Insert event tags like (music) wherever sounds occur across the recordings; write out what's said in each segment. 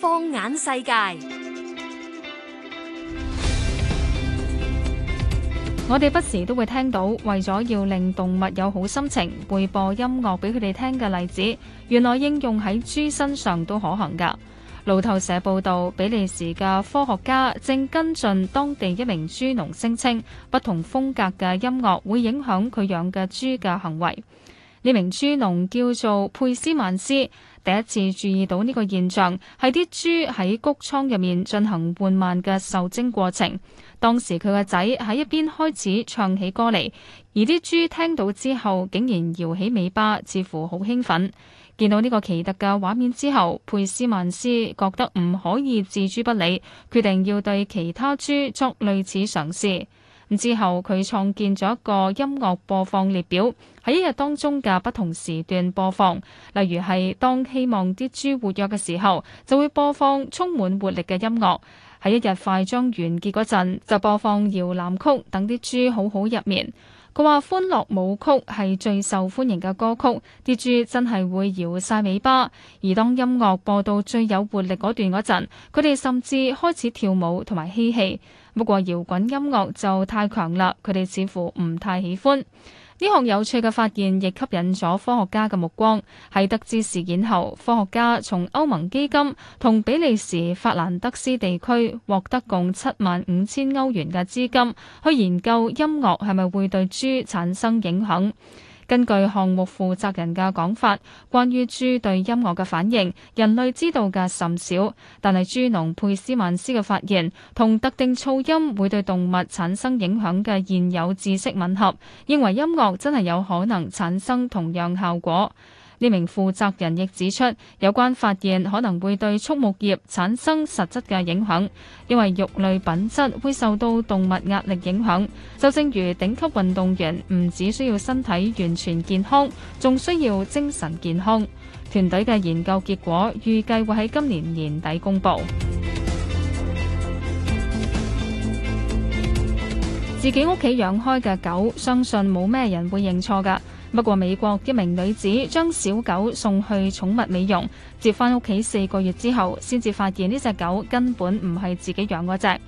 放眼世界，我哋不時都會聽到為咗要令動物有好心情，背播音樂俾佢哋聽嘅例子。原來應用喺豬身上都可行㗎。路透社報道，比利時嘅科學家正跟進當地一名豬農聲稱，不同風格嘅音樂會影響佢養嘅豬嘅行為。呢名豬農叫做佩斯曼斯，第一次注意到呢個現象係啲豬喺谷倉入面進行緩慢嘅受精過程。當時佢個仔喺一邊開始唱起歌嚟，而啲豬聽到之後竟然搖起尾巴，似乎好興奮。見到呢個奇特嘅畫面之後，佩斯曼斯覺得唔可以置諸不理，決定要對其他豬作類似嘗試。之後，佢創建咗一個音樂播放列表，喺一日當中嘅不同時段播放。例如係當希望啲豬活躍嘅時候，就會播放充滿活力嘅音樂；喺一日快將完結嗰陣，就播放搖籃曲，等啲豬好好入眠。佢話：歡樂舞曲係最受歡迎嘅歌曲，豬隻真係會搖晒尾巴。而當音樂播到最有活力嗰段嗰陣，佢哋甚至開始跳舞同埋嬉戲。不過搖滾音樂就太強啦，佢哋似乎唔太喜歡。呢項有趣嘅發現亦吸引咗科學家嘅目光。喺得知事件後，科學家從歐盟基金同比利時法蘭德斯地區獲得共七萬五千歐元嘅資金，去研究音樂係咪會對豬產生影響。根據項目負責人嘅講法，關於豬對音樂嘅反應，人類知道嘅甚少。但係豬農佩斯曼斯嘅發現，同特定噪音會對動物產生影響嘅現有知識吻合，認為音樂真係有可能產生同樣效果。呢名負責人亦指出，有關發現可能會對畜牧業產生實質嘅影響，因為肉類品質會受到動物壓力影響。就正如頂級運動員唔只需要身體完全健康，仲需要精神健康。團隊嘅研究結果預計會喺今年年底公佈。 (music) 自己屋企養開嘅狗，相信冇咩人會認錯㗎。不過，美國一名女子將小狗送去寵物美容，接翻屋企四個月之後，先至發現呢隻狗根本唔係自己養嗰隻。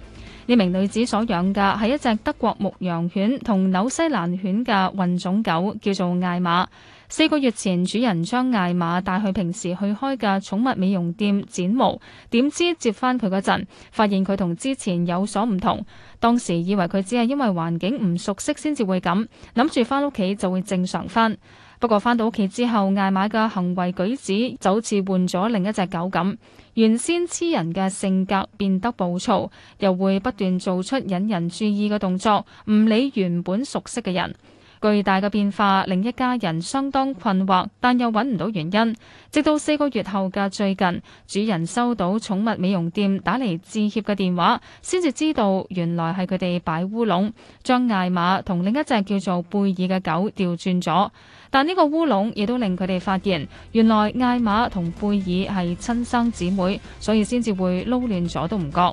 呢名女子所養嘅係一隻德國牧羊犬同紐西蘭犬嘅混種狗，叫做艾瑪。四個月前，主人將艾瑪帶去平時去開嘅寵物美容店剪毛，點知接返佢嗰陣，發現佢同之前有所唔同。當時以為佢只係因為環境唔熟悉先至會咁，諗住返屋企就會正常返。不過返到屋企之後，艾瑪嘅行為舉止就好似換咗另一隻狗咁，原先黐人嘅性格變得暴躁，又會不斷做出引人注意嘅動作，唔理原本熟悉嘅人。巨大嘅變化令一家人相當困惑，但又揾唔到原因。直到四個月後嘅最近，主人收到寵物美容店打嚟致歉嘅電話，先至知道原來係佢哋擺烏龍，將艾瑪同另一隻叫做貝爾嘅狗調轉咗。但呢個烏龍亦都令佢哋發現，原來艾瑪同貝爾係親生姊妹，所以先至會撈亂咗都唔覺。